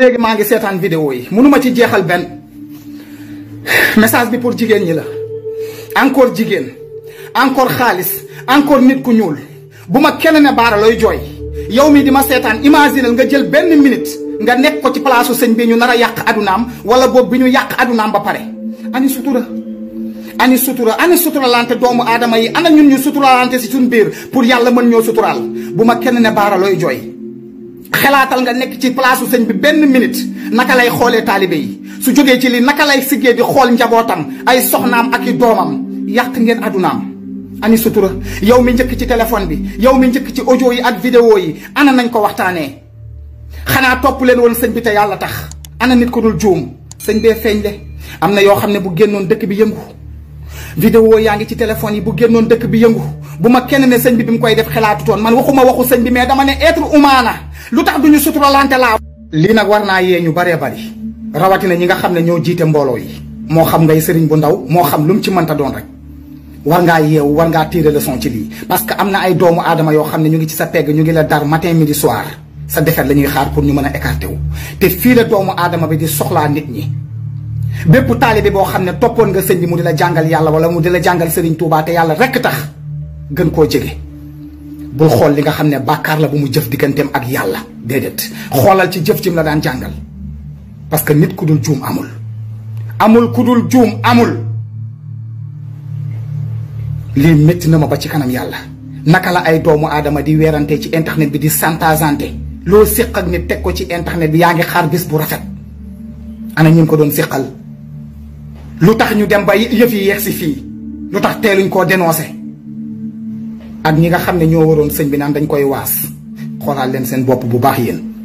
léegi maa ngi seetaan vidéo yi mënuma ci jeexal benn message bi pour jigéen ñi la encore jigéen encore xaalis encore nit ku ñuul bu ma kenn ne baara looy jooy yow mi di ma seetaan imaginal nga jël benn minute nga nekk ko ci palaasu sëñ bi ñu nar a yàq adunaam wala boobu bi ñu yàq adunaam ba pare ani sutura ani sutura ani suturalante doomu aadama yi a ñun ñu suturalante si suñ biir pour yàlla mën ñoo suturaal bu ma kenn ne baara jooy xalaatal nga nekk ci place sëñ bi benn minit naka lay xoolee taalibe su jógee ci li naka lay siggee di xool njabootam ay soxnaam ak i doomam yàq ngeen adunaam. ani sutura yow mi njëkk ci téléphone bi yow mi njëkk ci audio yi ak vidéo yi ana nañ ko waxtaanee xanaa topp leen woon sëñ bi te yàlla tax ana nit ko dul juum sëñ bee feeñ de am na yoo xam ne bu génnoon dëkk bi yëngu. vidéo yaa ngi ci téléphone yi bu génnoon dëkk bi yëngu bu ma kenn ne sëñ bi bi mu koy def xalaatu toon man waxuma waxu sëñ bi mais dama ne être humain lu tax duñu suturalante laa lii nag war naa yee ñu baree bari rawatina ñi nga xam ne ñoo jiite mbooloo yi moo xam ngay sëriñ bu ndaw moo xam lu mu ci mënta doon rek war ngaa yeewu war ngaa tirer leçon ci lii parce que am na ay doomu aadama yoo xam ne ñu ngi ci sa pegg ñu ngi la dar matin midi soir sa defet la ñuy xaar pour ñu mën a écarté wu te fii la doomu aadama bi di soxlaa nit ñi bépp taalibe boo xam ne toppoon nga sëñ bi mu di la jàngal yàlla wala mu di la jàngal sëriñ Touba te yàlla rekk tax gën koo jege bul xool li nga xam ne bàkkaar la bu mu jëf digganteem ak yàlla déedéet xoolal ci jëf jim la daan jàngal parce que nit ku dul juum amul amul ku dul juum amul lii metti na ma ba ci kanam yàlla naka la ay doomu aadama di weerante ci internet bi di santasante loolu séq ak nit teg ko ci internet bi yaa ngi xaar bis bu ana ñu ko doon seqal lu tax ñu dem ba yëf yi yeeg si fii lu tax teeluñ koo dénoncé ak ñi nga xam ne ñoo waroon sëñ bi naan dañ koy waas xoolaal leen seen bopp bu baax yéen.